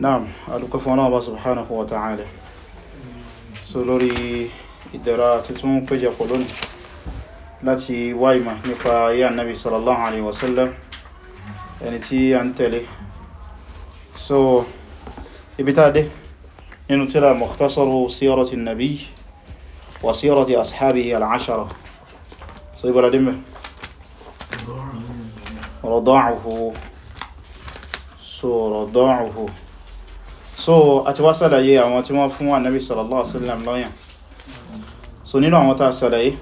Naam, alùkọ́ fún ọlọ́ọ̀bá subhanahu wa ta'ala. So lórí ìdẹ̀ra tuntun péjọpọ̀ lónìí láti wá ìmọ̀ nípa ayé annabi sallallahu alaihi wasallam ẹni tí a ń tẹ̀lé. So, ibi tá dé nínú tírà mukhtasaru sírati nabi wa sírati ashabihi al'ashara. So, ibara dimbe. Rada'uhu. So, rada'uhu. so a ti wá sàlàyé àwọn tí wọ́n fún ànábì sallallahu alaihi wasallam lọ́yàn so nínú àwọn tá sàlàyé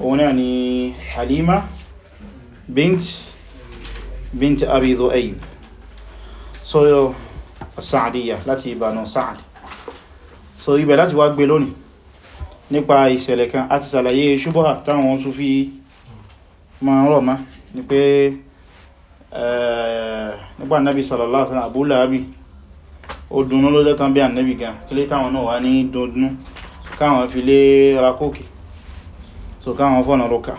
òun náà ni Halima bint bint Abi Dhu'ayb so Sa'diyya láti Banu Sa'd so ibẹ̀ láti wá gbé lónìí nípa ìṣẹ̀lẹ̀ kan àti sàlàyé ṣubọ́hà táwọn Sufi ma ń rọ̀ má ní pé eh, nípa ànábì sallallahu alaihi wasallam Abu Lahabi ó dúnú ló jẹ́ kan bí ànábì gan kílé táwọn náà wà ní dúnú káwọn fi lé rakókè so káwọn fọ́nà lókà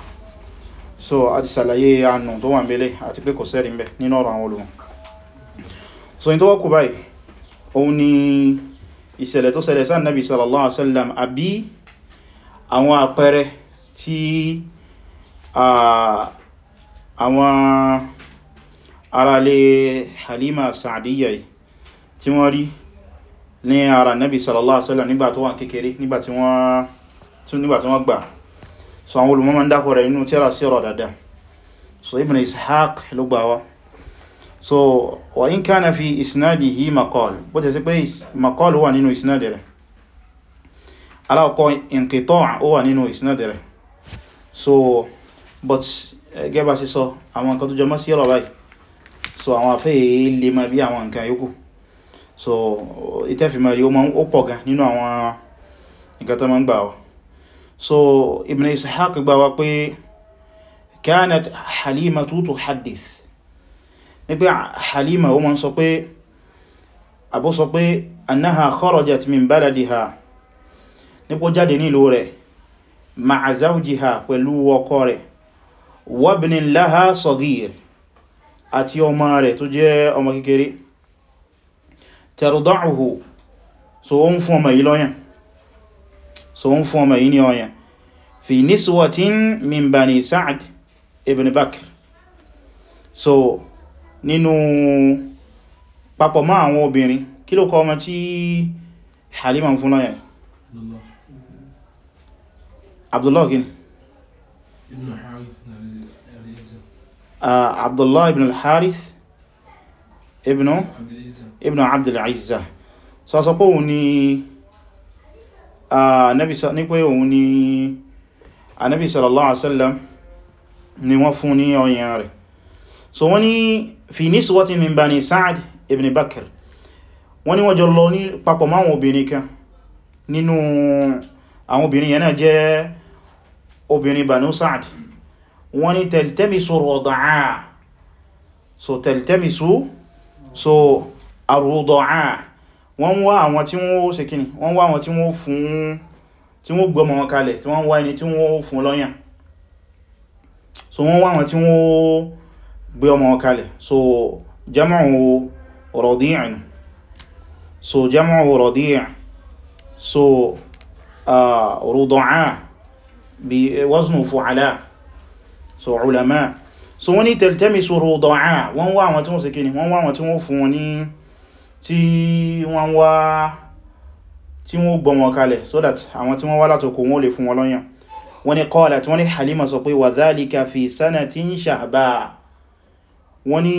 so a ti sàlàyé ànà tó wà mẹ́lẹ̀ àti pé kò sẹ́rì mẹ́ nínú ọ̀rọ̀ àwọn olùmọ̀ so in tó wọ́kù báyìí òun ni ìṣẹ̀lẹ̀ tó sallallahu alaihi wasallam àbí àwọn àpẹẹrẹ tí àwọn aráalé Halima Sa'diyya yìí tí wọ́n rí ní ara nabi sallallahu alaihi wasallam nígbà tó wà kékeré nígbà tí wọ́n gbà so àwọn olùmọ̀ ma ń dákọ̀ rẹ̀ nínú tírà sí ọ̀rọ̀ dada so ibn ishaq ló gbà wá so wa in kana fi isnadihi maqal bó tẹ̀ sí pé maqal wà nínú isnadi rẹ̀ alákọ̀ inqita' ó wà nínú isnadi rẹ̀ so but eh, gẹ́bà sí sọ àwọn nǹkan tó jọmọ́ sí ọ̀rọ̀ báyìí so àwọn afẹ́ ilé ma bí àwọn nǹkan yòókù so ìtẹ́fìmọ̀ yíó ma ó pọ̀ gan nínú àwọn nǹkan ma ń gbà wá so ibn ishaq gbà wá pé kanat halima tutu hadith ní pé halima ó ma ń sọ pé àbó sọ pé annaha kharajat min baladiha nípò jáde nílò rẹ̀ ma'a zawjiha pẹ̀lú ọkọ rẹ̀ wabnin laha saghir àti ọmọ rẹ̀ tó jẹ́ ọmọ kékeré tẹ̀rọ̀dọ́hù so o ń fún ọmọ yìí lọ́yàn so o ń fún ọmọ yìí ní ọyàn fi niswatin min bani sa'ad ibn bakr so nínú papọ̀ mọ́ àwọn obìnrin kí ló kọ ọmọ tí halima fún lọ́yàn abdullah gini ah, abdullah ibn al-harith ibn abdul ibn abdul izza so sọ pé òun ni anabi ní pé òun ni anabi sallallahu alaihi wasallam ni wọ́n fún ní ọyàn rẹ̀ so wọ́n ni fi niswatin min bani sa'ad ibn bakr wọ́n ni wọ́n jọ lọ ní papọ̀ mọ́ àwọn kan nínú àwọn obìnrin yẹn náà jẹ́ obìnrin banu sa'ad wọ́n ni tẹ̀ltẹ́misu rọ̀dàá so tẹ̀ltẹ́misu so arúdọ̀á wọ́n wá àwọn tí wọ́n ṣe kíni wọ́n wá àwọn tí wọ́n fún tí wọ́n gbọmọ wọn kalẹ̀ tí wọ́n wá ẹni tí wọ́n fún lọ́yàn so wọ́n wá àwọn tí wọ́n gbé ọmọ wọn kalẹ̀ so jama'u radi'in so jama'u radi'in so rudu'a bi waznu fu'ala so ulama so wọ́n ní tẹ̀lẹ̀tẹ̀mí so rudu'a wọ́n wá àwọn tí wọ́n ṣe kíni wọ́n wá àwọn tí wọ́n fún wọn ní tí wọ́n gbọ́ wọn kalẹ̀ so that àwọn tí wọ́n wá látoko wọn ó lè fún wọn lọ́yàn wọ́n ní qalat wọ́n ní Halima sọ pé wa dhalika fi sanatin sha'ba wọ́n ní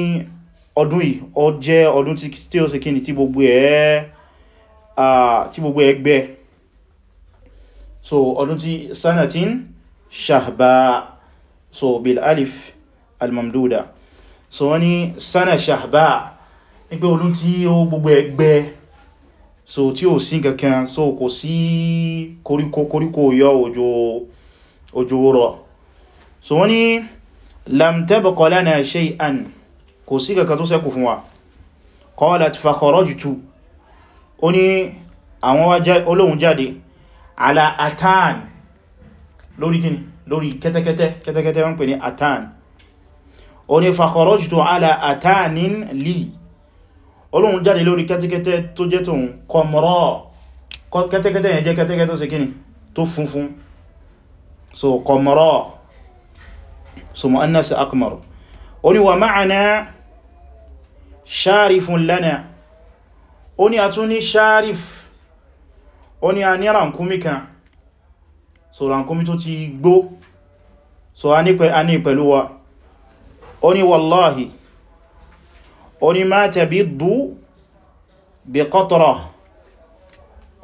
ọdún yìí ó jẹ́ ọdún tí ó sì kíni tí gbogbo ẹ̀ gbẹ́ so ọdún tí sanatin sha'ba so bil alif so wọ́n sana sha'ba ní pé olú tí ó gbogbo ẹgbẹ́ so tí ó sí kankan so kò sí koríko koríko yọ òjò òjò rọ̀ so wọ́n ní lam tabqa lana shay'an kò sí kankan tó ṣẹ́kù fún wa qalat fa kharajtu ó ní àwọn olóhun jáde ala atan lórí kíni lórí kẹ́tẹ́kẹ́tẹ́ wọ́n pè ní atan ó ní fa kharajtu ala atanin li Ọlọ́run jáde lórí kẹ́tẹ́kẹ́tẹ́ tó jẹ́ tóun kọmọ́rọ́ kẹ́tẹ́kẹ́tẹ́ yẹn jẹ́ kẹ́tẹ́kẹ́tẹ́ tó ṣe kíni tó funfun so kọmọ́rọ́ so mu'annas akmar ó ní wa ma'ana sharifun lana ó ní a tún ní sharif ó ní a ní rankumi kan so rankumi tó ti gbó so a ní pẹ̀lú wa ó ní wallahi ó ní ma tabiddu bi qatrah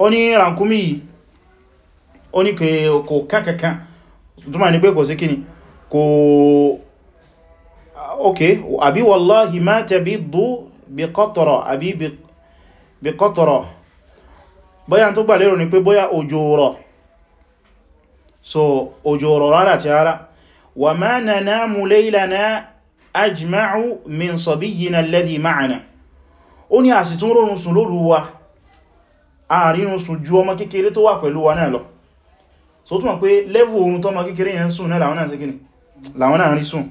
ó ní ràkúnmí yìí ó ní kò kankankan túnmà ní pé kò sí kíni kò ok àbí wallahi ma tabiddu bi qatrah àbí bi qatrah bóyá tó gbà lérò ní pé bóyá òjò so òjò rọ̀ rárá ti ara wa ma nanamu laylana ajma'u min sabiyyina alladhi ma'ana ó ní àsìtún rọrùn sùn lóru wa ààrínú sùn ju ọmọ kékeré tó wà pẹ̀lú wa náà lọ so túnmọ̀ pé lẹ́vù oorun tọ́mọ kékeré yẹn sùn náà làwọn náà síkíní làwọn náà rí sùn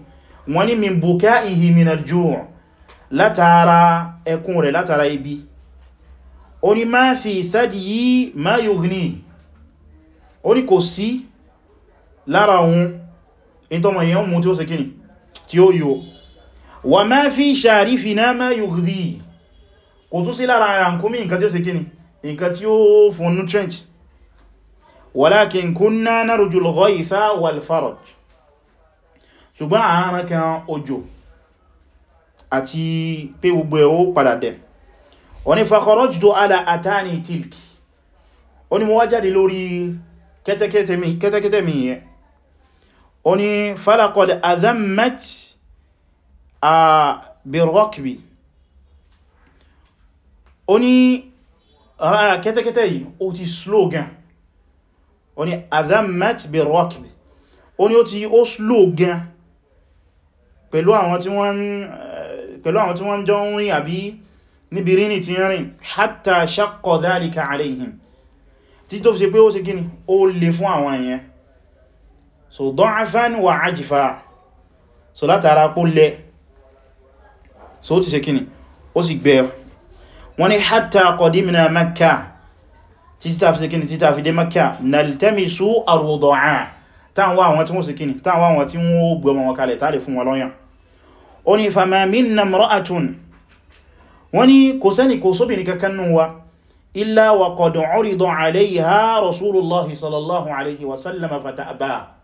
wọ́n ní min buka'ihi minal ju' látara ẹkún rẹ̀ látara ibi ó ní ma fi thadiyi ma yughni ó ní kò sí lára ohun ìtọ́mọ̀ yẹn mú tí ó síkíní tí ó yọ wà máa fi sharifina ma yughdi kò tún sí lára ara nkúmí nǹkan tí ó ṣe kíni nǹkan tí ó fún nutrient walakin kunna narju al-ghaytha wal-faraj ṣùgbọ́n àárín kan òjò àti pé gbogbo ẹ̀ padà dẹ̀ wọ́n ni fa kẹ́tẹ́kẹ́tẹ́ mi yẹn ó ní falakọ̀lẹ̀ azammet a birokbi ó ní kẹ́tẹ́kẹ́tẹ́ yìí ó ti slogan ó ní azammet birokbi ó ní ó ti ó slogan pẹ̀lú àwọn tí wọ́n eh, pẹ̀lú àwọn tí wọ́n jọ ń rìn àbí níbi rí ní ti rìn hatta shaqqa dhalika alayhim tí tó fi ṣe pé ó ṣe gíní ó le fún àwọn èèyàn so dọ́afán wà ájìfà so látara pó lẹ so ó ti ṣe kíni ó sì gbẹ̀ wọ́n ni hatta qadimna Makkah títà fi ṣe kíni títà fi dé Makkah naltamisu ardu'a táwọn àwọn illa wa qad urida alayha rasulullahi sallallahu alaihi wasallam fata'aba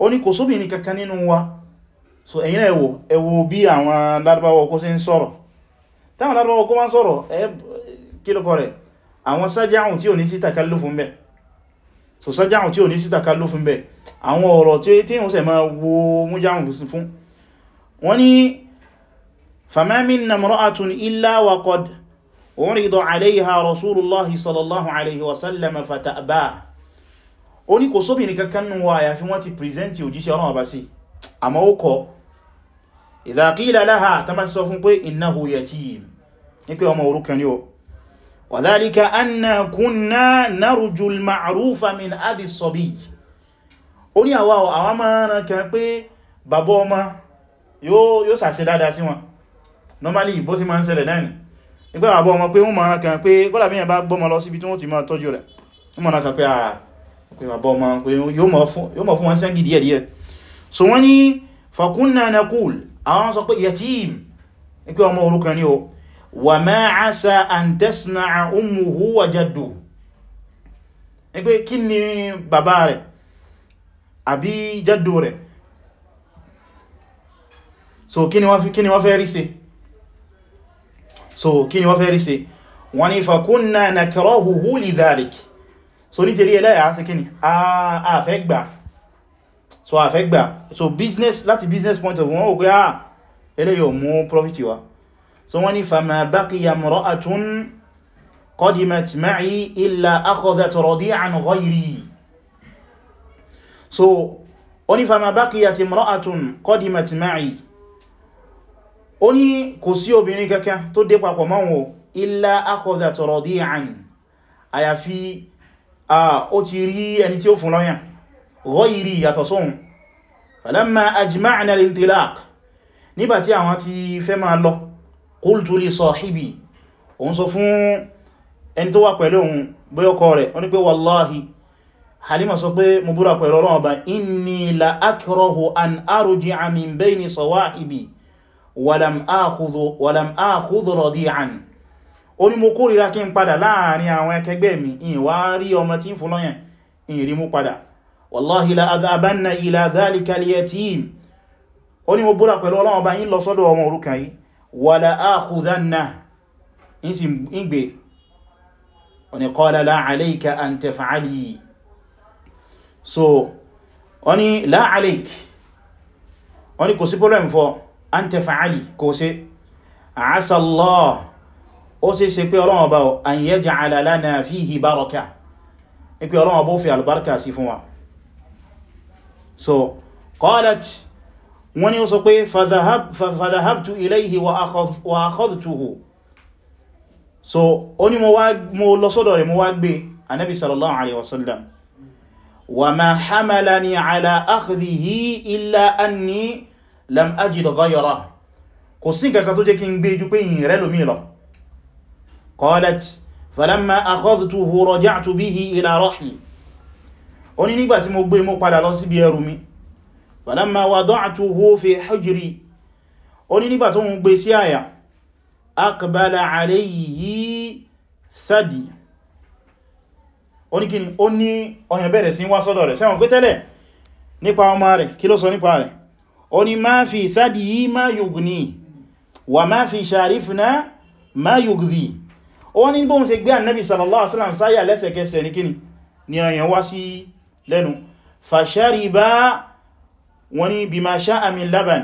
ó ní kò sóbìnrin kankan nínú wa so ẹ̀yin náà ẹ̀wọ̀ ẹ̀wọ̀ bí àwọn lárúbáwọ̀ kó sí ń sọ̀rọ̀ táwọn lárúbáwọ̀ kó máa ń sọ̀rọ̀ ẹ kílùkọ rẹ̀ àwọn sájáhùn tí ò ní sí takallú fún bẹ̀ so sájáhùn tí ò ní sí takallú fún bẹ̀ àwọn ọ̀rọ̀ tí tí ó sẹ̀ máa wo mújáhùn fún ó ní kò sóbìnrin kankan nù wa àyàfi wọ́n ti pìrìsẹ́ntì òjíṣẹ́ Ọlọ́run bá sí àmọ́ ó kọ́ idha qila laha ta ma sọ fún pé innahu yatim ní pé ọmọ òrukàn ni ó wa dhalika anna kunna narju al-ma'rufa min abi as-sabiy ó ní àwa àwa máa ràn kan pé bàbá ọmọ yóò sàṣẹ dáadáa sí wọn normally bó sì máa ń ṣẹlẹ̀ náà ni ìgbẹ́ bàbá ọmọ pé wọ́n máa ràn kan pé kọ́lá bí yẹn pé bàbá ọmọ pé yóò mọ̀ fún wọn sẹ́gì díẹ̀ díẹ̀ so wọ́n ní fakunna naqul àwọn sọ pé yatim ikú ọmọ òrukàn ni o wa ma asa an tasna'a ummuhu wa jaddu pé kí ni bàbá rẹ̀ àbí jaddu rẹ̀ so kí ni wọ́n fẹ́ rí ṣe so kí ni wọ́n fẹ́ rí ṣe wọ́n ní fakunna nakrahuhu lidhalik so nítorí ẹlẹ́yà sí kí ni a fẹ́ gbà so a fẹ́ gbà so business láti business point of view wọ́n ògbé à ẹlẹ́yà mú profit wa so wọ́n ni fama baqiya imra'atun qadimat ma'i illa akhadhat radi'an ghayri so wọ́n ni fama baqiyat imra'atun qadimat ma'i ó ní kò sí obìnrin kankan tó dé papọ̀ mọ́ wọn illa akhadhat radi'an ó ti rí ẹni tí ó fún lọ́yàn ghairi yàtọ̀ sóhun falamma ajma'na al-intilaq nígbàtí àwọn ti fẹ́ máa lọ qultu li sahibi òun sọ fún ẹni tó wà pẹ̀lú òun bí ọkọ rẹ̀ ó ní pé wallahi halima sọ pé mo búra pẹ̀lú ọlọ́wọ́ bá ó ní mo kórìíra kí n padà láàrin àwọn akẹgbẹ́ mi in wá rí ọmọ tí ń fún lọ́yàn in rí mú padà wallahi la adhabanna ila dhalika al-yatim ó ní mo búra pẹ̀lú Ọlọ́run bá yín lọ sọ́dọ̀ ọmọ òrukàn yìí wala akhudanna in sì ń gbé ó ní qala an taf'ali so ó ní la alayka ó ní kò sí problem for an taf'ali kò sí asa Allah ó sì ṣe pé Ọlọ́run bá an yaj'ala lana fihi baraka ní pé Ọlọ́run bó fi albarka sí fún wa so qalat wọ́n ni ó sọ pé fadhahabtu ilayhi wa akhadhtuhu so ó ní mo lọ sọ́dọ̀ rẹ̀ mo wá gbé anábi sallallahu alaihi wasallam wa ma hamalani ala akhdhihi illa anni lam ajid kò sí nǹkan tó jẹ́ kí n gbé ju pé yìn rẹ̀ lómi lọ قالت فلما أخذته رجعت به إلى رحمي. ó ní nígbà tí mo gbé mo padà lọ síbi ẹrù mi فلما وضعته في حجري ó ní nígbà tó ń gbé sí àyà أقبل عليه ثدي ó ní kíni ó ní ọ̀yàn bẹ̀rẹ̀ sí wá sọ́dọ̀ rẹ̀ sẹ́wọ̀n pé tẹ́lẹ̀ nípa ọmọ rẹ̀ kí ló sọ nípa rẹ̀ ó ní ما في ثدي ما يغني وما في شارفنا ما يغذي ó ní bóhun ṣe gbé annabi sallallahu alaihi wasallam sáyà lẹ́sẹ̀kẹsẹ̀ ní kíni ni ọ̀yàn wá sí lẹ́nu fàṣàríbá wọ́n ní bí ma sha'a min laban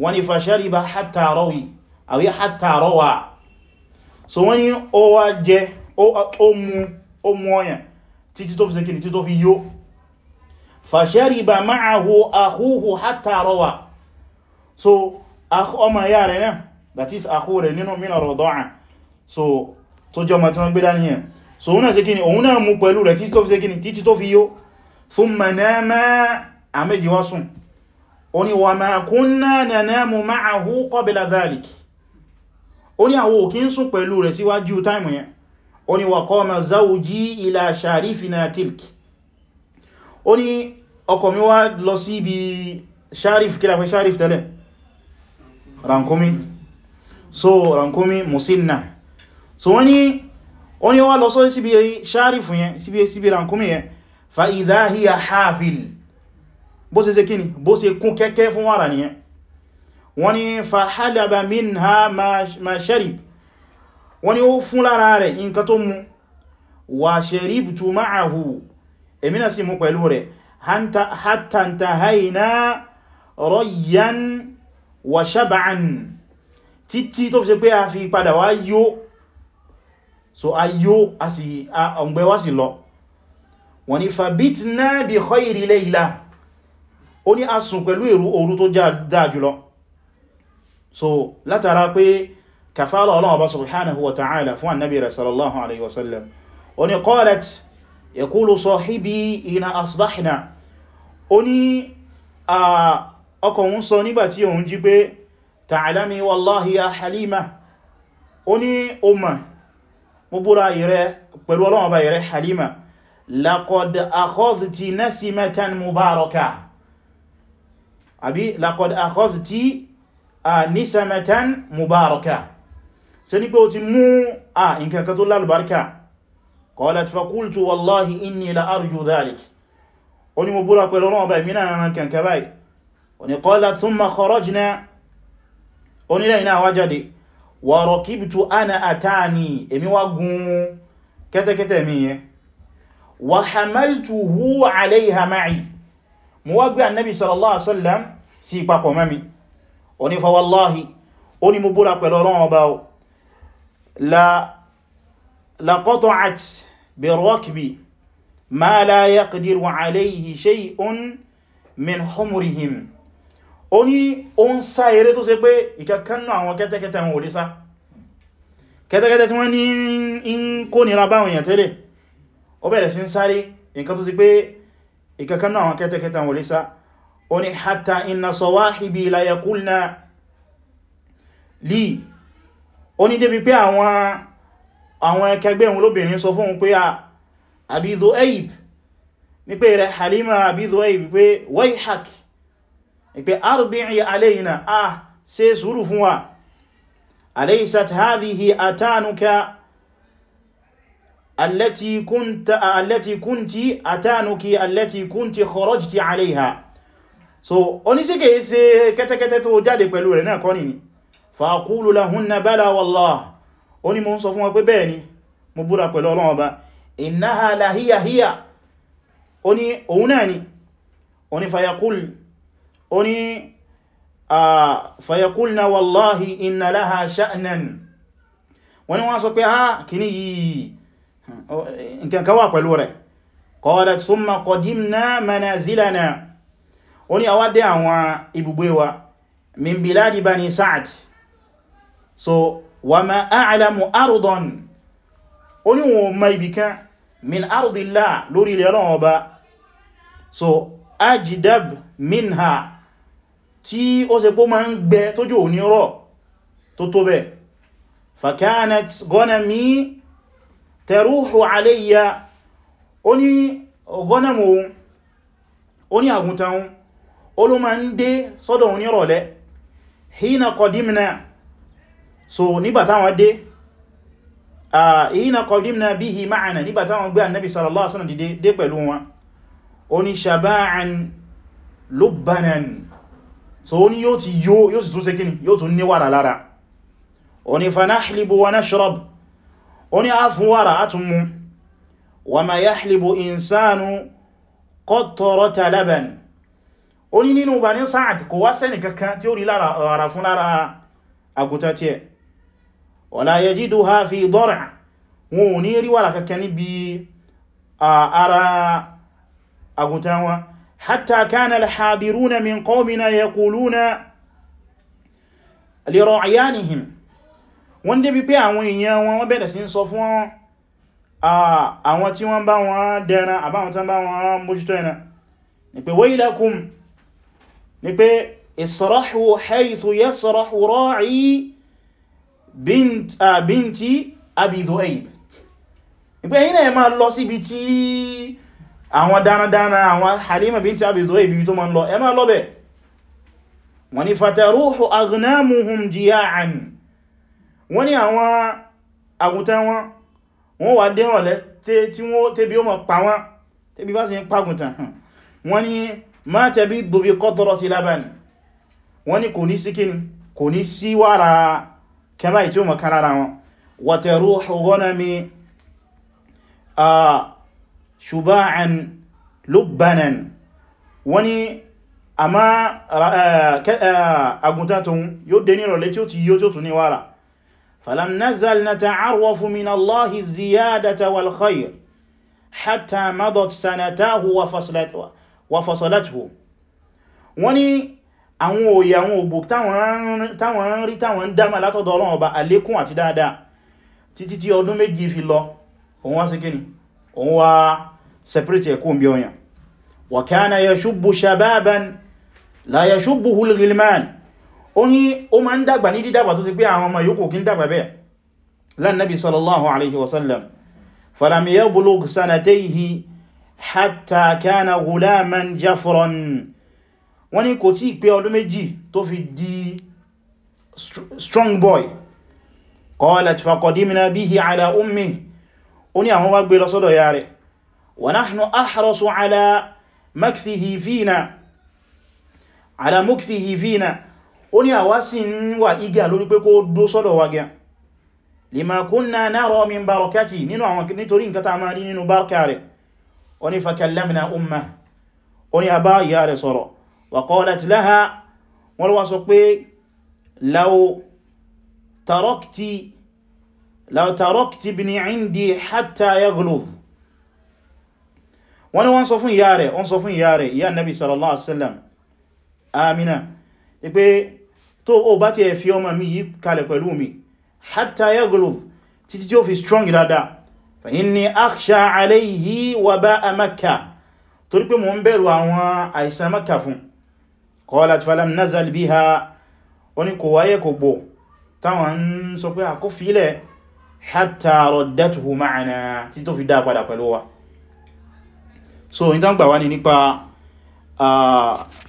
wọ́n ní fàṣàríbá hatta rawi so wọ́n ní ó wá jẹ ó mú ọyàn títí tó fi ṣe kíni títí tó fi yó so ọmọ yà rẹ̀ náà that is akhu rẹ̀ nínú mínà so tó jẹ́ ọmọ tí wọ́n gbé dání ẹ̀ so òun náà ṣe kíni òun náà mú pẹ̀lú rẹ̀ títí tó fi ṣe kíni títí tó fi yó thumma nama àmẹ́jì wá sùn ó ní wa ma kunna nanamu ma'ahu qabla dhalik ó ní àwọn òkí ń sùn pẹ̀lú rẹ̀ síwájú táìmù yẹn ó ní wa qama zawji ila sharifina tilk ó ní ọkọ mi wá lọ sí ibi sharif kí la musinna so wọ́n ní ó ní wá lọ sọ síbi ṣárífù yẹn síbi síbi rankumi yẹn fa idha hiya hafil bó ṣe ṣe kíni bó ṣe kún kẹ́kẹ́ fún wàrà nìyẹn wọ́n ní fa halaba minha ma sharib wọ́n ní ó fún lára rẹ̀ nǹkan tó mú wa sharibtu ma'ahu èmi náà sì mú pẹ̀lú rẹ̀ hatta intahayna rayyan wa shab'an títí tó fi ṣe pé a fi padà wá yóò so ayó ọ̀gbẹ́ wá sí lọ wọ́n ní fabitna bi khayri layla ó ní a sùn pẹ̀lú èrò òru tó dáa so látara pé kàfàrà Ọlọ́run bá subhanahu wa ta'ala fún annabi rẹ̀ sallallahu alaihi wasallam ó ní qalat yaqulu sahibi ina asbahna ó ní a ọkọ̀ ń sọ nígbàtí òun jí pé ta'alami wallahi ya halima ó ní o mọ̀ mo búra ìrẹ pẹ̀lú Ọlọ́run bá ìrẹ Halima laqad akhadhti nasimatan mubaraka àbí laqad akhadhti nisamatan mubaraka ṣe ní pé o ti mú a nǹkan kan tó lálùbáríkà qalat faqultu wallahi inni la arju dhalik ó ní pẹ̀lú Ọlọ́run bá ìmìnà wa rakibtu ana atani èmi wá gùn kẹ́tẹ́kẹ́tẹ́ mi yẹn wa hamaltuhu alayha ma'i mo wá gbé annabi sallallahu alaihi wasallam sí papọ̀ mami ó ní fa wallahi ó ní mo shay'un min humrihim ó ní ó ń sá eré tó ṣe pé ìkẹkànnà àwọn kẹ́tẹ́kẹ́tẹ́ wọn ò lè sá kẹ́tẹ́kẹ́tẹ́ tí wọ́n ní ń kó nira báwọn èèyàn tẹ́lẹ̀ ó bẹ̀rẹ̀ sí ń sáré nǹkan tó ṣe pé ìkẹkànnà àwọn kẹ́tẹ́kẹ́tẹ́ wọn ò lè sá ó ní hatta inna sawahibi la yaqulna li sọ fún pé àbí ìpé arbi'i alayna ah ṣe sùúrù fún wa alaysat hadhihi atanuka allati kunta allati kunti atanuki allati kunti kharajti alayha so oníṣẹ́kẹ̀ ṣe kẹ́tẹ́kẹ́tẹ́ tó jáde pẹ̀lú rẹ̀ náà kọ́ni ni faqulu lahunna bala wallah ó ní mo ń sọ fún wọn pé bẹ́ẹ̀ ni mo búra pẹ̀lú Ọlọ́run Ọba innaha lahiya hiya ó ní òun ni ó ní fayaqul ó ní fayakulna wallahi inna laha sha'nan wọ́n ni wọ́n sọ pé ha kìní yìí nkankan wà pẹ̀lú rẹ̀ qalat thumma qadimna manazilana ó ní àwádé àwọn ibùgbé wa min biladi bani sa'd so wa ma a'lamu ardan ó ní wọn ma min ardillah lórí ilẹ̀ ọlọ́wọ́ ba so ajidab minha tí ó ṣe pó ma ń gbẹ tójò òní rọ̀ tó tó bẹ̀ fakanat ghanami taruhu alayya ó ní ghanam òun ó ní àgùntàn òun ó ló ma ń dé sọ́dọ̀ òní rọ̀lẹ́ hina qadimna so nígbàtá wọn dé hina qadimna bihi ma'ana nígbàtá wọn gbé annabi sallallahu alaihi wasallam dé pẹ̀lú wọn ó ní so ó ní yóò ti yó yóò sì tún ṣe kíni yóò tún ní wàrà lára ó ní fanahlibu wa nashrab ó ní a fún wàrà a tún mu wa ma yahlibu insanu qatrata laban ó ní nínú Bani Sa'd kò wá sẹ́nì kankan tí ó rí lára fún lára àgùntà tí ẹ wala yajiduha fi dar'a wọn ò ní rí wàrà kankan ara àgùntà wọn حتى كان الحاضرون من قومنا يقولون لرعيانهم wọ́n débi pé àwọn èèyàn wọn wọ́n bẹ̀rẹ̀ sí ń sọ fún àwọn tí wọ́n bá wọn dẹran àbáwọn tán bá wọn mójútó ẹ̀nà ni pé waylakum ni pé israhu haythu yasrahu ra'i binti abi dhu'ayb ni pé ẹ̀yin náà máa lọ síbi tí àwọn dánadána àwọn Halima binti Abi Dhu'ayb ibi tó ma ń lọ ẹ má lọ́bẹ̀ wọ́n ni fataruhu aghnamuhum jiya'an wọ́n ni àwọn àgùntàn wọn wọ́n wà dẹ́rọ̀lẹ́ tí wọ́n tẹ́bí ó mọ̀ pa wọ́n tẹ́bí bá sì ń pàgùntàn wọ́n ni ma tabiddu bi sí kíni shuba'an lubbanan wọ́n ni a ma agunta tun yóò dé ní ìrọ̀lẹ́ tí ó ti yíó tí ó tún ní wára falam nazal na ta'arwafu min allahi ziyadata wal khair hatta madat sanatahu wa fasalathu wọ́n ni àwọn òye àwọn òbò táwọn rí táwọn dáma látọ̀dọ̀ Ọlọ́run Ọba àlékún àti dáadáa títí tí ọdún méjì fi lọ òun wá sí kíni òun wá separate ẹ̀kún bí ọyàn wa kana yashubbu shababan la yashubbuhu al-ghilman ó ní ó ma ń dàgbà ní dídàgbà tó ti pé àwọn ọmọ yòókù kí ń dàgbà bẹ́ẹ̀ lánàbí sallallahu alaihi wasallam falam yablugh sanatayhi hatta kana ghulaman jafran wọ́n ní kò tí pé ọdún méjì tó fi di strong boy qalat faqadimna bihi ala ummi ó ní àwọn wá gbé lọ sọ́dọ̀ ya rẹ̀ wa nahnu ahrasu ala makthihi fina ala mukthihi fina ó ní àwa sì ń wà igá lórí pé kó dó sọ́dọ̀ wa gẹn lima kunna nara min barakati nínú àwọn nítorí nǹkan ta máa rí law tarakti ibni indi hatta yaghlub wọ́n ni wọ́n sọ fún ìyá rẹ̀ wọ́n sọ fún ìyá rẹ̀ ìyá nabi sallallahu alaihi wasallam amina ni pé tó o bá ti ẹ̀ fi ọmọ mi yí kalẹ̀ pẹ̀lú mi hatta yaghlub títí tí ó fi strong dáadáa fa inni akhsha alayhi waba'a Makkah torí pé mo ń bẹ̀rù àwọn àìsàn Makkah fún qalat falam nazal biha wọ́n ni kò wáyé kò gbò táwọn ń sọ pé àkófílẹ̀ hatta raddatuhu ma'ana tí tó fi dá padà pẹ̀lú wa so in tán gbà wá ní nípa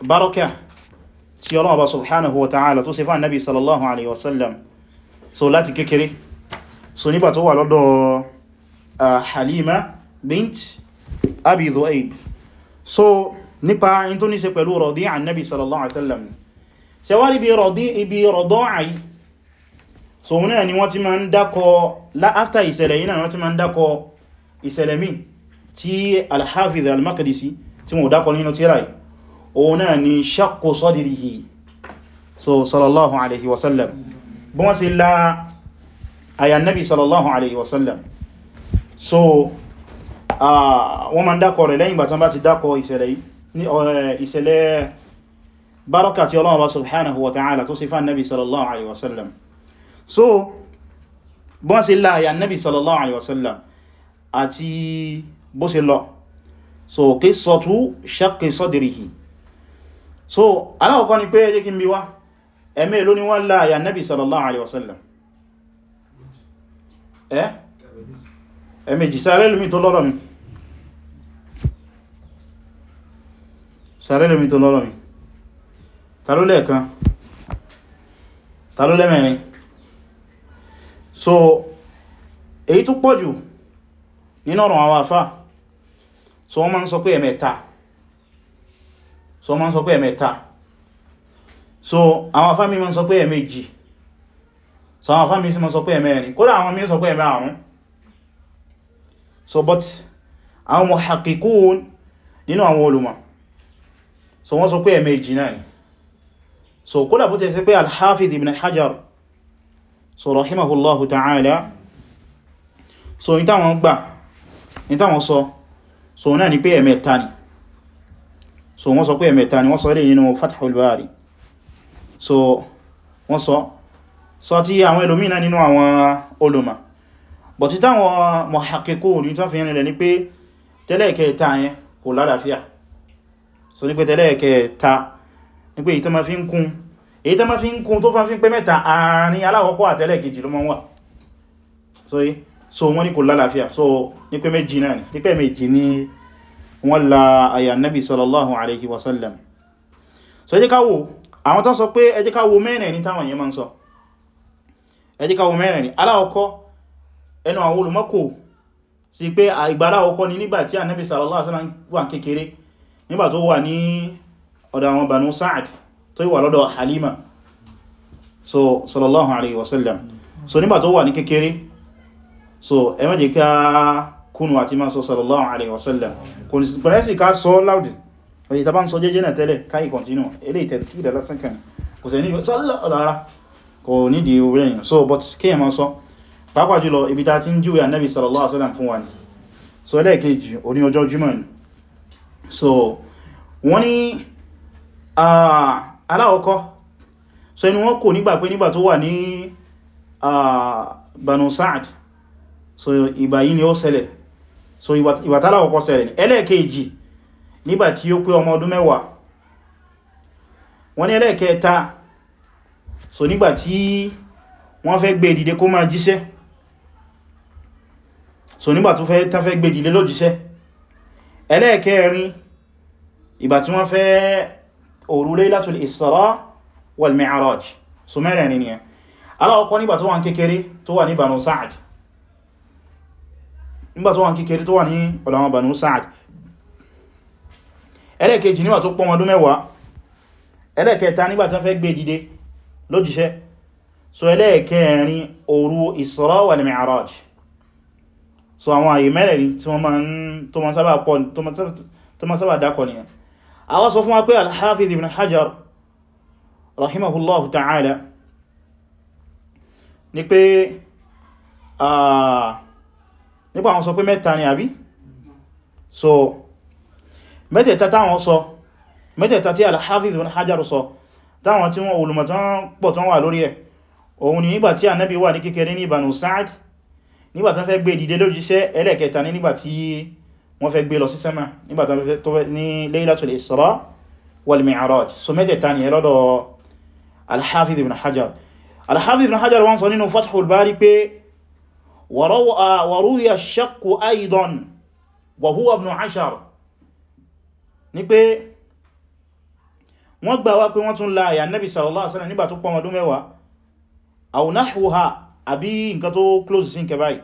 baraka tí Ọlọ́run Ọba subhanahu wa ta'ala tó ṣe fún annabi sallallahu alaihi wasallam so láti kékeré so nígbà tó wà lọ́dọ̀ Halima bint Abi Dhu'ayb so nípa in tó ní ṣe pẹ̀lú radi'a annabi sallallahu alaihi wasallam ṣe wá rí bí radi'a so wọn náà ni wọ́n ti ma ń dákọ after ìṣẹ̀lẹ̀ yìí náà wọ́n ti ma ń dákọ ìṣẹ̀lẹ̀ míì tí al-Hafiz al-Maqdisi tí wọ́n dákọ nínú tírà yìí òun náà ni shaqqu sadrihi so sallallahu alaihi wasallam bí wọ́n sì la àyà nabi sallallahu alaihi so wọ́n ma ń dákọ rẹ̀ lẹ́yìn bàtán bá ti dákọ ìṣẹ̀lẹ̀ baraka tí Ọlọ́run wa subhanahu wa ta'ala tó sì sallallahu alaihi wasallam so bọ́n ṣe láàyà nabi sallallahu alaihi wasallam àti bó ṣe lọ so kí sọtú ṣakì sọ́dìrìhì so aláwọ̀kọ́ ni pé ẹjẹ́ kí n bí wá ẹ̀mẹ́ ló ní wọ́n láàyà nabi sallallahu alaihi wasallam eh ẹ̀mẹ́jì sáré lómi tó lọ́rọ̀ mi so èyí tó pọ̀jù nínú ọ̀rọ̀ àwọn àfá so wọ́n ma ń sọ pé ẹ̀mẹ̀ta so wọ́n ma ń sọ pé ẹ̀mẹ̀ta so àwọn àfá mi ma ń sọ pé ẹ̀mẹ̀jì so àwọn àfá mi sì ma ń sọ pé ẹ̀mẹ̀rin kódà àwọn mi sọ pé ẹ̀mẹ̀rún so but àwọn muhaqqiqun nínú àwọn olùmọ̀ so wọ́n sọ pé ẹ̀mẹ̀jì náà ni so kódà bó tẹ́ sẹ́ pé al-Hafidh ibn Hajar so rahimahullahu ta'ala so ní táwọn gbà ní táwọn sọ so náà ni pé ẹ̀mẹ́ta ni so wọ́n sọ pé ẹ̀mẹ́ta ni wọ́n sọ lè nínú Fathul Bari so wọ́n sọ sọ tí àwọn ẹlòmínà nínú àwọn olùmọ̀ but tí táwọn muhaqqiqun ní tó fi yẹn rẹ̀ ni pé tẹ́lẹ̀kẹta yẹn kò lálàáfíà so ní pé tẹ́lẹ̀kẹta ní pé ìtọ́ ma fi ń èyí tó ma fi ń kún tó fà fi ń pé mẹ́ta àárín aláwọ̀kọ́ àtẹ́lẹ̀ kejì ló ma wà so yí so wọ́n ní kò lálàáfíà so ní pé méjì náà ní pé méjì ní wọ́n la àyà nabi sallallahu alaihi wasallam so ẹjẹ́ káwò àwọn tán sọ pé ẹjẹ́ káwò mẹ́rin ní táwọn yẹn ma ń sọ ẹjẹ́ káwò tó wà lọ́dọ̀ Halima so sallallahu alaihi wasallam so hmm. nígbà tó wà ní kékeré so ẹ má jẹ́ ká kúnnù àti máa sọ sallallahu alaihi wasallam kò ní pẹ̀lẹ́ sí ká sọ láwùdì oye ta bá ń sọ jẹ́jẹ́ náà tẹ́lẹ̀ káyì kọ̀ntínú ilé ìtẹ̀tí ìdá so but kí ẹ̀mọ́ sọ pàápàá jùlọ ibi ta ti ń júwe ànábì so ẹlẹ́ẹ̀kejì oní ọjọ́ so wọ́n ah, aláwọ̀kọ́ so inú wọn kò nígbà pé nígbà tó wà ní banu sa'ad so ìgbà yìí ni ó ṣẹlẹ̀ so ìgbà tàláwọ̀kọ́ ṣẹlẹ̀ ní ẹlẹ́ẹ̀kejì nígbà tí ó pé ọmọ ọdún mẹ́wàá wọ́n ní ẹlẹ́ẹ̀kẹta so nígbà tí wọ́n fẹ́ gbé dìde kó máa so nígbà tó fẹ́ tán fẹ́ gbé dìde lójíṣẹ́ ẹlẹ́ẹ̀kẹrin ìgbà tí wọ́n fẹ́ òru Laylatul Isra wal Mi'raj so mẹ́rẹ̀ ní ni aláwọ̀kọ́ nígbà tó wà ní kékeré tó wà ní Banu Sa'd nígbà tó wà ní kékeré tó wà ní ọ̀làwọn Banu Sa'd ẹlẹ́kejì nígbà tó pọ́n ọdún mẹ́wàá ẹlẹ́kẹta nígbà tó fẹ́ gbé dìde lójíṣẹ́ so ẹlẹ́kẹrin òru Isra wal Mi'raj so àwọn sọ fún wa pé al-Hafiz ibn Hajar rahimahullahu ta'ala ni pé nípa àwọn sọ pé mẹ́ta ni àbí so mẹ́tẹ̀ẹ̀ta táwọn sọ mẹ́tẹ̀ẹ̀ta tí al-Hafiz ibn Hajar sọ táwọn tí wọ́n olùmọ̀tán pọ̀ tán wà lórí ẹ̀ òun ni nígbàtí ànábì wà ní kékeré ní Banu Sa'd nígbàtán fẹ́ gbé ìdìdé lójíṣẹ́ ẹlẹ́kẹta ní nígbàtí wọ́n fẹ́ gbé lọ sí sánmà nígbàtà ní Laylatul Isra wal Mi'raj so mẹ́tẹ̀ta ni ẹlọ́dọ̀ al-Hafidh ibn Hajar al-Hafidh ibn Hajar wọ́n sọ nínú Fathul Bari pé wa ruwiya ash-shaqqu aydan wa huwa ibn Ashar ni pé wọ́n gbà wá pé wọ́n tún la àyà Nabi close sí nkẹ báyìí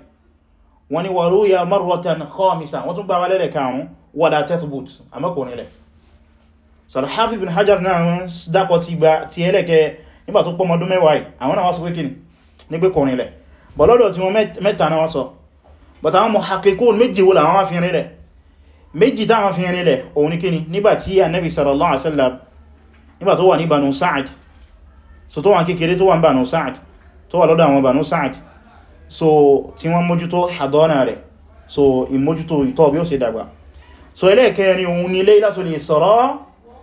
wọ́n ni wà rúyà marwatan khamisa wọ́n tún gbáwà lẹ́rẹ̀ karùn-ún wọ́dá tethbut amákùnrin rẹ̀ sọ̀rọ̀háfí bin hajjar náà dákọ̀ ti ẹlẹ́kẹ́ nígbà tó pọ́ mọ́dún mẹ́wàá àwọn náà wá sọ pé kíni ní pé kùnrin rẹ̀ bọ̀lọ́dọ̀ tí wọ́n mẹ́ta náà sọ bọ̀tà àwọn muhakkikun méjì wo làwọn fi rinlẹ̀ méjì táwọn fi rinlẹ̀ òun ní kíni nígbà tí annabi sallallahu alaihi wasallam nígbà tó wà ní so tí wọ́n mójútó hadana rẹ̀ so ìmójútó ìtọ́ bí ó ṣe dàgbà so ẹlẹ́ẹ̀kẹrin òun ni Laylatul Isra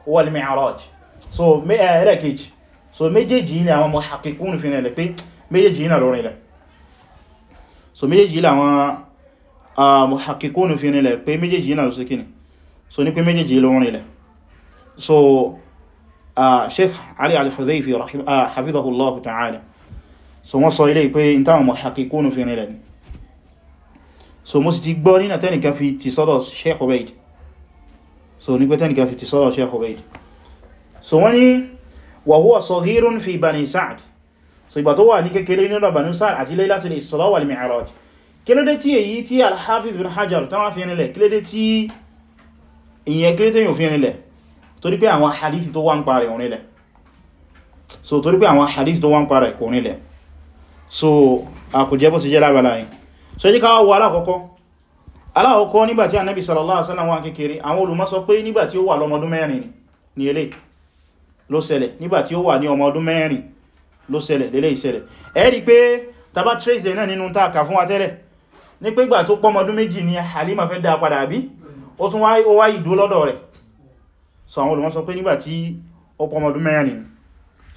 wal Mi'raj so ẹlẹ́ẹ̀kejì so méjèèjì ní àwọn muhaqqiqun fi rẹ̀ pé méjèèjì ní lórí rẹ̀ so méjèèjì ní àwọn muhaqqiqun fi rẹ̀ pé méjèèjì ní lórí kíni so ní pé méjèèjì lórí rẹ̀ so Sheikh Ali Al-Hudhayfi hafidhahullahu ta'ala so wọ́n sọ ilé pé in táwọn muhaqiqun fi nílẹ̀ ni so mo sì ti gbọ́ nínà tẹ́nìkan fi ti sọ́dọ̀ Sheikh Ubaid so ní pé tẹ́nìkan fi ti sọ́dọ̀ Sheikh Ubaid so wọ́n ni wa huwa saghirun fi Bani Sa'd so ìgbà tó wà ní kékeré nínú Bani Sa'd àti Laylatul Isra wal Mi'raj kílódé tí èyí tí al-Hafiz ibn Hajar tánwà fi nílẹ̀ kílódé tí ìyẹn kílódé yóò fi nílẹ̀ torí pé so àkùjẹ́ bó sì jẹ́ lábàlá yìí so jí káwà wọ alákọ̀ọ́kọ́ alákọ̀ọ́kọ́ nígbàtí Ànábì sallallahu alaihi wasallam wà kékeré àwọn olùmọ̀ sọ pé nígbàtí ó wà lọ́mọdún mẹ́rin ni elé ló ṣẹlẹ̀ nígbàtí ó wà ní ọmọdún mẹ́rin ló ṣẹlẹ̀ lélé ìṣẹlẹ̀ ẹ̀rí pé tàbá trace náà nínú ta kà fún wa tẹ́lẹ̀ ní pé ìgbà tó pọ́mọdún méjì ni Halima fẹ́ dá padà bí ó tún wá ìdó lọ́dọ̀ rẹ̀ so àwọn olùmọ̀ sọ pé nígbàtí ó pọ́mọdún mẹ́rin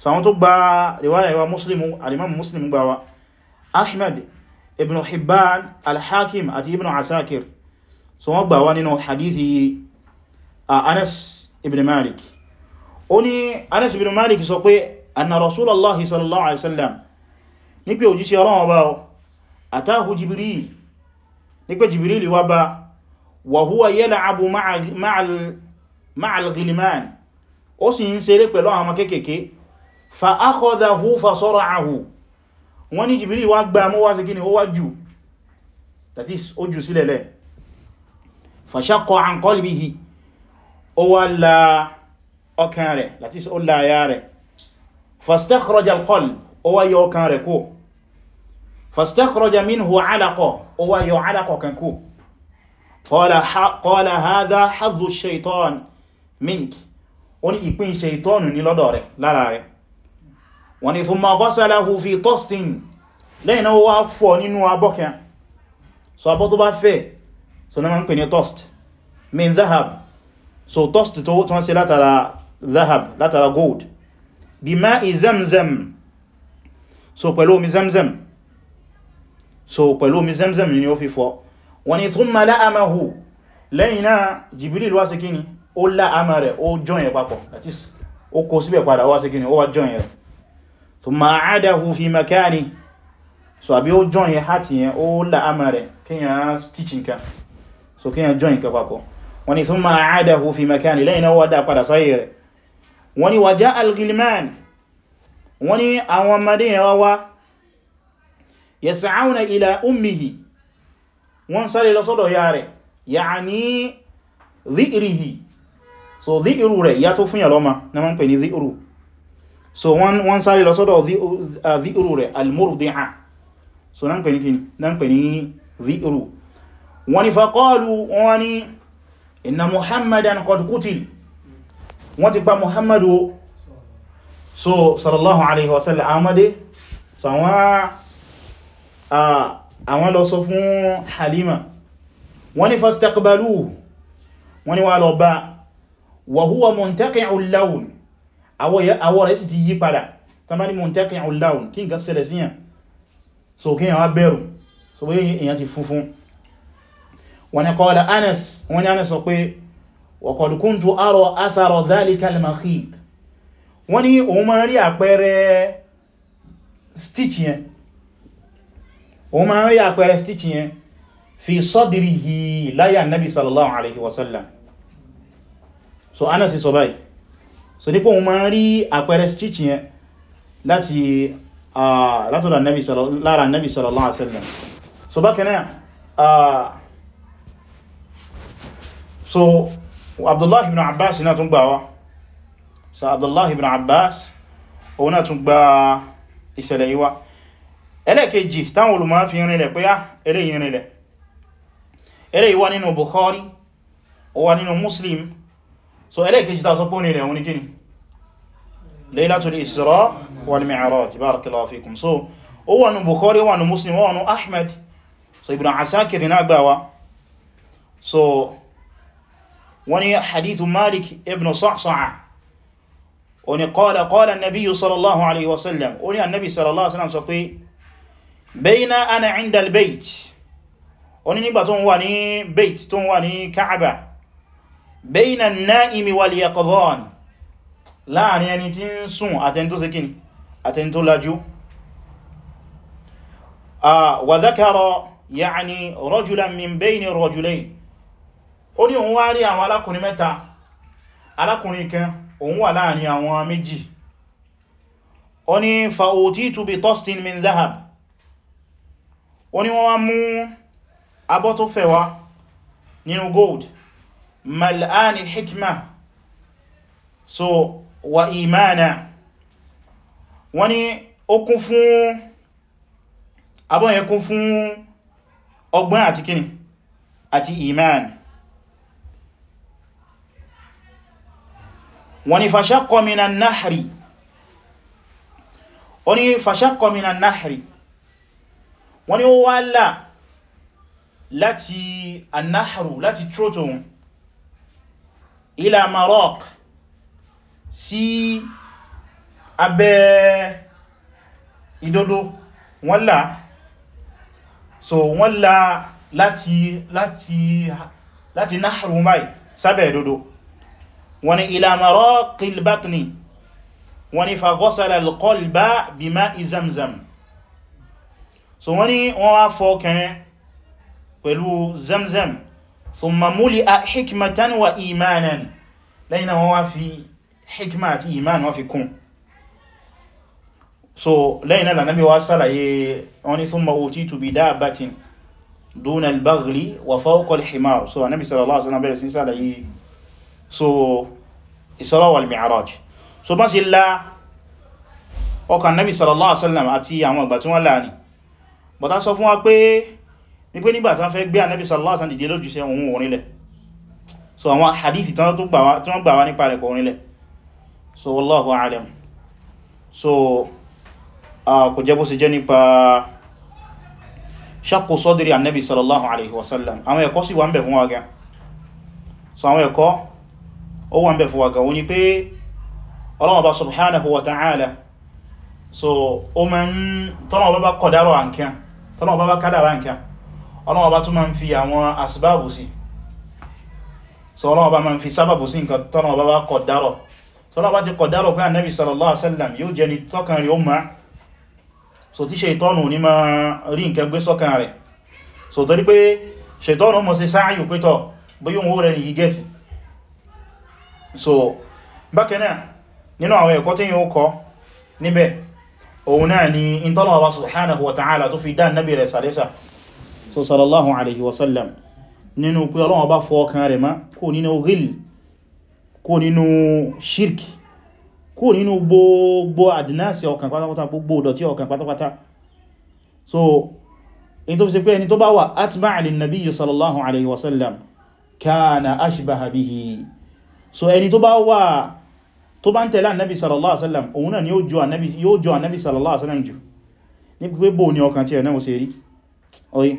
so àwọn tó gba riwaya ìwà muslimu alimamu muslimu gba wa ahmad ibn hibban alhakim àti ibn asakir so wọ́n gba wa nínú hadithi a anas ibn malik ó ní anas ibn malik sọ pé anna rasulallah sallallahu alaihi wasallam ní pé òjíṣẹ́ ọlọ́wọ́ bá atahu jibril ní pé jibril wá bá wa huwa yal'abu ma'al ma'al ma'al ghilman ó sì ń ṣeré pẹ̀lú àwọn kéékèèké fa akhadahu fa sara'ahu wọ́n ní jìbìrì wá gbá mọ́ wá sí kíni ó wá jù that is ó jù sílẹ̀lẹ̀ fa shaqqa an qalbihi ó wá la ọkàn rẹ̀ that is ó la ya rẹ̀ fastakhraja al-qalb ó wá yọ ọkàn rẹ̀ kó fastakhraja minhu alaqa ó wá yọ alaqa kan kó qala hadha hadhu ash mink ó ní ìpín ṣe ìtọ́nù lọ́dọ̀ rẹ̀ lára rẹ̀ wọ́n ni thumma ghasalahu fi tostin lẹ́yìn náà wá fọ̀ nínú abọ́kẹ́ so abọ́ tó bá fẹ́ so náà ń pè ní tost min zahab so tost tó wọ́n ṣe látara zahab látara gold bima'i zamzam so pẹ̀lú omi zamzam so pẹ̀lú omi zamzam ni ó fi fọ̀ wọ́n ni thumma la'amahu lẹ́yìn náà Jibril wá ṣe kíni ó láàmà rẹ̀ ó join ẹ̀ papọ̀ that is ó kó síbẹ̀ padà wá ṣe kíni ó wá join ẹ̀ rẹ̀ thumma a'adahu fi makani so àbí ó join hati yẹn ó láàmà rẹ̀ kíyàn stitching kan so kíyàn join ka papọ̀ wọ́n ni thumma a'adahu fi makani lẹ́yìn náà wádá padà sáyé rẹ̀ wọ́n ni wàjá al-ghilman wọ́n ni àwọn ọmọdé yẹn ila ummihi wọ́n sáré lọ sọ́dọ̀ ya rẹ̀ ya'ni dhi'rihi so dhi'ru rẹ̀ ya tó fún yà na mọ́ pè ní dhi'ru so wọ́n sáré lọ sọ́dọ̀ uh, dhi'ru rẹ̀ al-murdi'a so na ń pè ní kíni na ń pè ní dhi'ru wọ́n ní faqalu wọ́n ní inna muhammadan qad wọ́n ti pa muhammadu so sallallahu alaihi wasallam amade so uh, àwọn lọ sọ fún halima wọ́n ní fastaqbalu wọ́n ní wà lọ bá wa huwa muntaqi'ul àwọ̀ rẹ̀ sì ti yí padà tàbí ní mọ̀ntẹ́kì ọláun kí n gá sẹ̀rẹ̀ síyàn so kí yàn wá bẹ̀rù so bí èyàn ti funfun wọ́n ni qala Anas wọ́n ni Anas sọ pé wa qad kuntu ara athara dhalika al-makhit wọ́n ni òun máa rí àpẹẹrẹ stitch yẹn òun máa rí àpẹẹrẹ stitch yẹn fi sadrihi láyà nabi sallallahu alaihi wasallam so Anas sọ báyìí so nípa òun ma ń rí àpẹẹrẹ stitch yẹn láti látọ̀dọ̀ lára nevi sallallahu alaihi wasallam so bákan náà so abdullahi ibn abbas náà tún gbà wá so abdullahi ibn abbas òun náà tún gbà ìṣẹ̀lẹ̀ yìí wá ẹlẹ́kejì táwọn olùmọ̀ fi rinlẹ̀ pé á ah, eléyìí rinlẹ̀ eléyìí wá nínú bukhari ó wà nínú muslim so ẹlẹ́kejì ta sọ pé nílẹ̀ òun ní kíni ليله الاسراء والمعراج بارك الله فيكم سو so, هو البخاري هو مسلم هو احمد سو ابن عساكر نغباوا سو so, وني حديث مالك ابن صعصعه وني قال قال النبي صلى الله عليه وسلم وني النبي صلى الله عليه وسلم سوفي بين انا عند البيت وني نيبا تون واني بيت تون واني كعبه بين النائم واليقظان láàrin ẹni tí ń sùn àtẹni tó ṣe kíni àtẹni tó lajú wa dhakara ya'ni rajulan min bayni rajulayn ó ní òun wá rí àwọn alákùnrin mẹ́ta alákùnrin kan òun wà láàrin àwọn méjì ó ní fa'utitu bi tostin min zahab ó ní wọ́n mú abọ́ tó fẹ̀wá nínú gold mal'ani hikma so wa imana wọ́n ní ó kún fún abọ́n yẹ kún fún ọgbọ́n àti kíni àti iman wọ́n ní fashaqqa minan nahri wọ́n ní fashaqqa minan nahri wọ́n ní ó wá là láti annahru láti trótò ila maraq sí abẹ́ ìdodo wọ́n là so wọ́n là láti láti láti nahru báyìí sábẹ̀ ìdodo wọ́n ni ila maraqil batni wọ́n ni faghasala al-qalba bima'i zamzam so wọ́n ni wọ́n wá fọ́kẹ̀ẹ́ pẹ̀lú zamzam thumma muli'a hikmatan wa imanan lẹ́yìn náà hikma àti iman wọ́n fi kún so lẹ́yìn náà lànàbí wá sàlàyé wọ́n ní thumma utitu bi dabbatin duna al-baghli wa fawqa al-himar so anábi sallallahu alaihi wasallam bẹ̀rẹ̀ sí sàlàyé so isra wal so bá sì lá ọkàn nábi sallallahu alaihi wasallam àti àwọn ìgbà tí wọ́n láàrin bọ̀tá sọ fún wa pé wípé nígbà tán fẹ́ gbé ànábì sallallahu alaihi wasallam dìde lójúṣẹ́ so àwọn hadithi tí wọ́n gbà wá nípa rẹ̀ so wallahu alam so ah, kò jẹ́ bó ṣe jẹ́ nípa ṣakku sọ́dìrí annabi sallallahu alaihi wasallam àwọn ẹ̀kọ́ sì wà ń bẹ̀ fún wa gan so àwọn ẹ̀kọ́ ó wà ń bẹ̀ fún wa gan wọ́n ni subhanahu wa ta'ala so o ma ń tọ́lọ̀wọ́ bá kọ̀dárọ̀ àǹkíyàn tọ́lọ̀wọ́ bá kádàrà àǹkíyàn ọlọ́wọ́ bá tún ma ń fi àwọn asibábù sí so ọlọ́wọ́ bá ma ń fi sábàbù sí nǹkan tọ́lọ̀wọ́ bá kọ̀dárọ̀ tọ́lá bá ti kọ̀dárọ̀ pé annabi sallallahu alaihi wasallam yóò jẹ́ ni tọ́kàn rí ó máa so tí ṣeitọ́nù ní máa rí nkẹ gbé sọ́kàn rẹ̀ so torí pé ṣeitọ́nù mọ̀ sí sáàyù pẹ́tọ̀ bí yíò wó rẹ̀ ní yígẹ́sì so bákanáà nínú àwọn ẹ̀kọ́ tí yíò kọ́ níbẹ̀ òun náà ni intọ́lọ̀wà subhanahu wa ta'ala tó fi dá nábi rẹ̀ sàlẹ́sà so sallallahu alaihi wasallam nínú pé ọlọ́wọ́ bá fọ́ ọkàn rẹ̀ má kò nínú ghil kó nínú ṣírkì kó nínú gbogbo àdínáàsì ọkàn pátápátá gbogbo ìdọ̀tí ọkàn pátápátá so in tó fi ṣe pé ẹni tó bá wà atba'a lin-nabiyyi sallallahu alaihi wasallam kana ashbaha bihi so ẹni tó bá wà tó bá ń tẹ̀lé annabi sallallahu alaihi wasallam òun náà ni yóò jọ annabi sallallahu alaihi wasallam jù ní pípé bò ní ọkàn tí ẹ̀ náà ṣe rí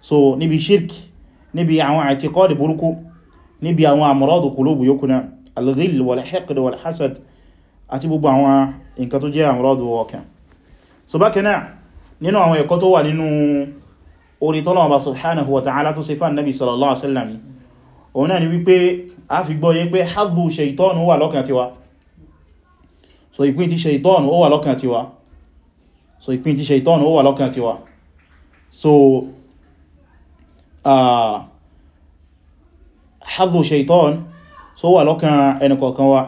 so níbi shirk níbi àwọn àti kọ́ọ̀dì burúkú níbi àwọn àmúrọ́dù kùlóbù al-ghil wal-hiqd wal-hasad àti gbogbo àwọn nǹkan tó jẹ́ àmúrọ́dù ọkàn so bákanáà nínú àwọn ẹ̀kọ́ tó wà nínú orí tọ́lọ̀ ọba subhanahu wa ta'ala tó ṣe fán nabi sallallahu alaihi wasallam òun náà ni wípé a fi gbọ́ yé pé hadhu shaitan wà lọ́kàn tiwa so ìpín ti shaitan ó wà lọ́kàn tiwa so ìpín ti shaitan ó wà lọ́kàn tiwa so ah, hadhu shaitan so wà lọ́kàn ẹnìkọ̀ọ̀kan wa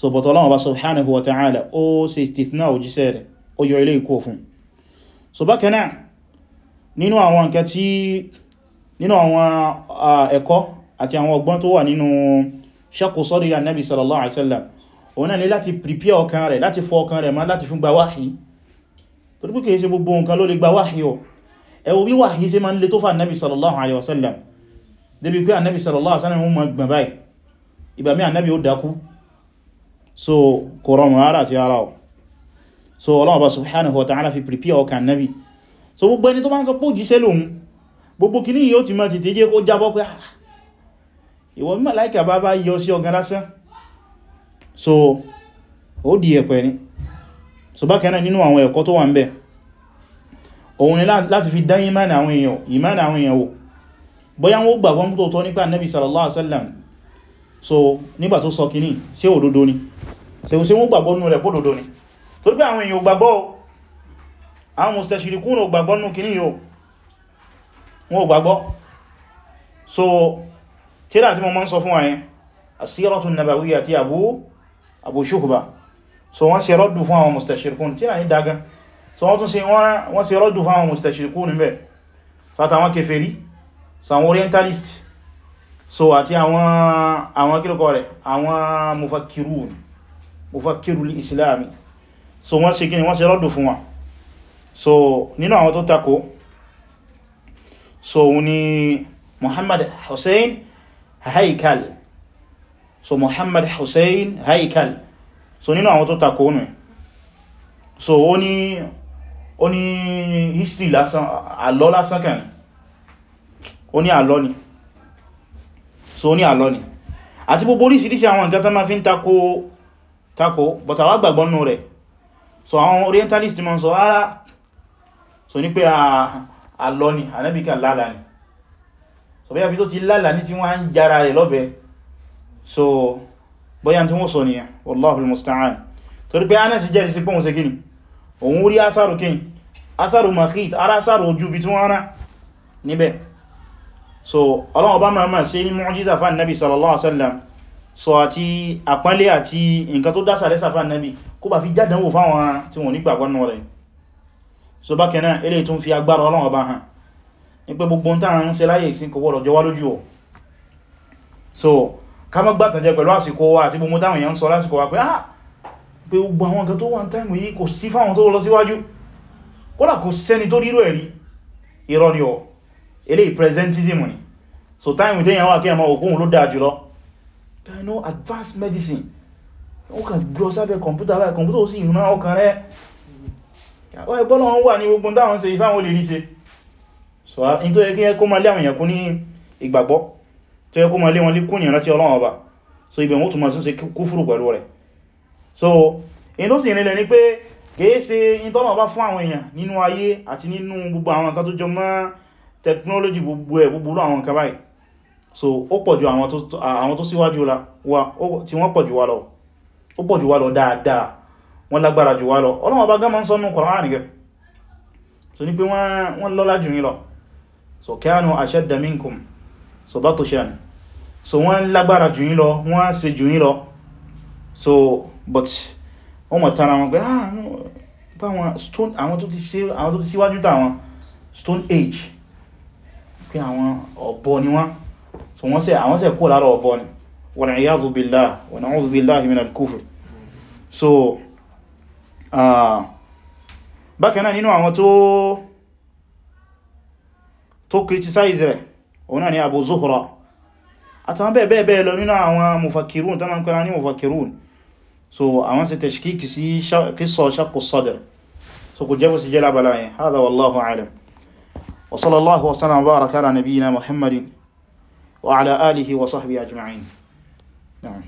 so bọ̀tọ̀ Ọlọ́run bá subhanahu wa ta'ala ó ṣe istithna òjíṣẹ́ rẹ̀ ó yọ ilé ikú fún so bákan náà nínú àwọn nǹkan tí nínú àwọn ẹ̀kọ́ àti àwọn ọgbọ́n tó wà nínú ṣakù sọ́rí annabi sallallahu alaihi wasallam òun náà ni láti prepare ọkàn rẹ̀ láti fọ ọkàn rẹ̀ ma láti fún gba wáhí tó dípò kìí ṣe gbogbo nǹkan ló débi pé annabi sallallahu alaihi wasallam mú ma ìbàmí ànábì ó dákú so kò rọrùn rárá ti ara ọ̀ so Ọlọ́run Ọba subhanahu wa ta'ala fi prepare ọkàn ànábì so gbogbo ẹni tó bá ń sọ pé òjíṣẹ́ lòun gbogbo kìíní yóò ti máa ti tẹ́jẹ́ kó jábọ́ pé ah, ìwọ màláíkà bá bá yọ sí ọgán lásán so ó di ẹ̀pẹ̀ ni so bákan náà nínú àwọn ẹ̀kọ́ tó wà ń bẹ òun ni láti fi dán ìmáni àwọn èèyàn wò bóyá wọ́n gbàgbọ́n tó tọ́ nípa Nabi sallallahu alaihi wasallam so nígbà tó sọ kìíní se òdodo ni se ṣe wọ́n gbàgbọ́ nú rẹ̀ pódodo ni tó gbé àwọn èèyàn gbàgbọ́ àwọn mustashirikun ò gbàgbọ́ nú kìíní yóò wọ́n ò gbàgbọ́ so tírà tí mo mọ́ ń sọ fún wa yẹn asíratun nabawiyya àti so wọ́n ṣe rọ́dù fún àwọn mustashirikun tírà ní so wọ́n tún ṣe wọ́n ṣe rọ́dù fún àwọn mustashirikun níbẹ̀ orientalist so àti àwọn àwọn kílùkọ rẹ̀ àwọn mufakirun mufakirul islami so wọ́n ṣe kí ni wọ́n ṣe rọ́dù fún wa so nínú àwọn tó takò so ni Muhammad Hussein Haikal so Muhammad Hussein Haikal so nínú àwọn tó takò nù so ó ní history lásán àlọ́ lásán kan ó ní àlọ́ ni so ní àlọ́ ni àti gbogbo oríṣiríṣi àwọn nǹkan tó ma fi ń takò takò but àwa gbàgbọ́ nù rẹ̀ so àwọn orientalist mọ́ sọ ara so ní pé àlọ́ ni anẹ́bíkà lálà ni so bóyá bí tó ti lálà ní tí wọ́n ń yára rẹ̀ lọ́bẹ̀ so bóyá tí wọ́n sọ nìyẹn wallahu al-musta'an torí pé Anas jẹ́rìí sí pọ́hùn sí kíni òun rí asáàrù kíni makit ara asáàrù ojú bí tí wọ́n rán níbẹ̀ so Ọlọ́run bá máa máa ṣe ní mu'jiza fún Ànábì sallallahu alaihi wasallam so àti àpánlé àti nǹkan tó dásà lẹ́sà fún Ànábì kó bá fi jádánwò fáwọn tí wọ́n nígbàgbọ́ nù rẹ̀ so bákan náà eléyìí tún fi agbára Ọlọ́run bá hàn ní pé gbogbo ń tàn ń ṣe láyé ìsìn kò wọ́rọ̀ jọwá lójú ọ̀ so ká mọ́ gbà tàjẹ pẹ̀lú àsìkò wa àti gbogbo táwọn èèyàn ń sọ lásìkò wa pé ah pé gbogbo àwọn nǹkan tó wà ń táìmù yìí kò sí fáwọn tó lọ síwájú kódà kò sẹ́ni tó rírò ẹ̀rí irọ́ ni ọ̀ eléyìí presentism ni so time tí èyàn wà kí ẹmọ ògùn ló dáa jùlọ you know advanced medicine ó kà gbọ́ sábẹ́ kọmpútà láì kọmpútà ó sì ìrìnà ọkàn rẹ̀ àwọn ẹgbọ́nà wọn wà ní gbogbo dáwọn ṣe ìfáwọn olè ríṣe so in tó yẹ kí ẹ kó ma lé àwọn èèyàn kún ní ìgbàgbọ́ tó yẹ kó ma lé wọn líkún ní ìrántí Ọlọ́run ọba so ibẹ̀ wọ́n tún ma ṣe kúfúrù pẹ̀lú rẹ̀ so in tó sì rìnlẹ̀ ni pé kìí ṣe in tọ́nà ọba fún àwọn èèyàn nínú ayé àti nínú gbogbo àwọn nǹkan tó jọ mọ́ technology gbogbo ẹ̀ gbogbo àwọn nǹkan báyìí so ó pọ̀jù àwọn tó síwájú wa tí wọ́n pọ̀jù wa lọ ó pọ̀jù wa lọ dáadáa wọ́n lágbára jù wa lọ Ọlọ́run bá gánmà ń sọ́nù Kùránì gẹ́ so ní pé wọ́n lọ́lá jù yín lọ so kanu ashadda minkum so batushan so wọ́n lágbára jù yín lọ wọ́n ṣe jù yín lọ so but wọ́n mọ̀ tara wọn pé ah, àwọn tó ti síwájú táwọn stone age pé àwọn ọ̀bọ ni wọ́n so wọ́n ṣe àwọn ṣe kó lára ọ̀bọ ni wal iyadhu billah wa na'udhu billahi minal kufr so bákan náà nínú àwọn tó tó criticize rẹ̀ òun náà ni Abu Zuhra àtàwọn bẹ́ẹ̀ bẹ́ẹ̀ lọ nínú àwọn mufakirun tó máa ń kọ́ra ní mufakirun so àwọn ṣe tashkiki sí qissa shaqqu sadr so kò jẹ́ bó sì jẹ́ lábàlá yẹn wallahu alam وصلى الله وسلم وبارك على نبينا محمد وعلى آله وصحبه أجمعين نعم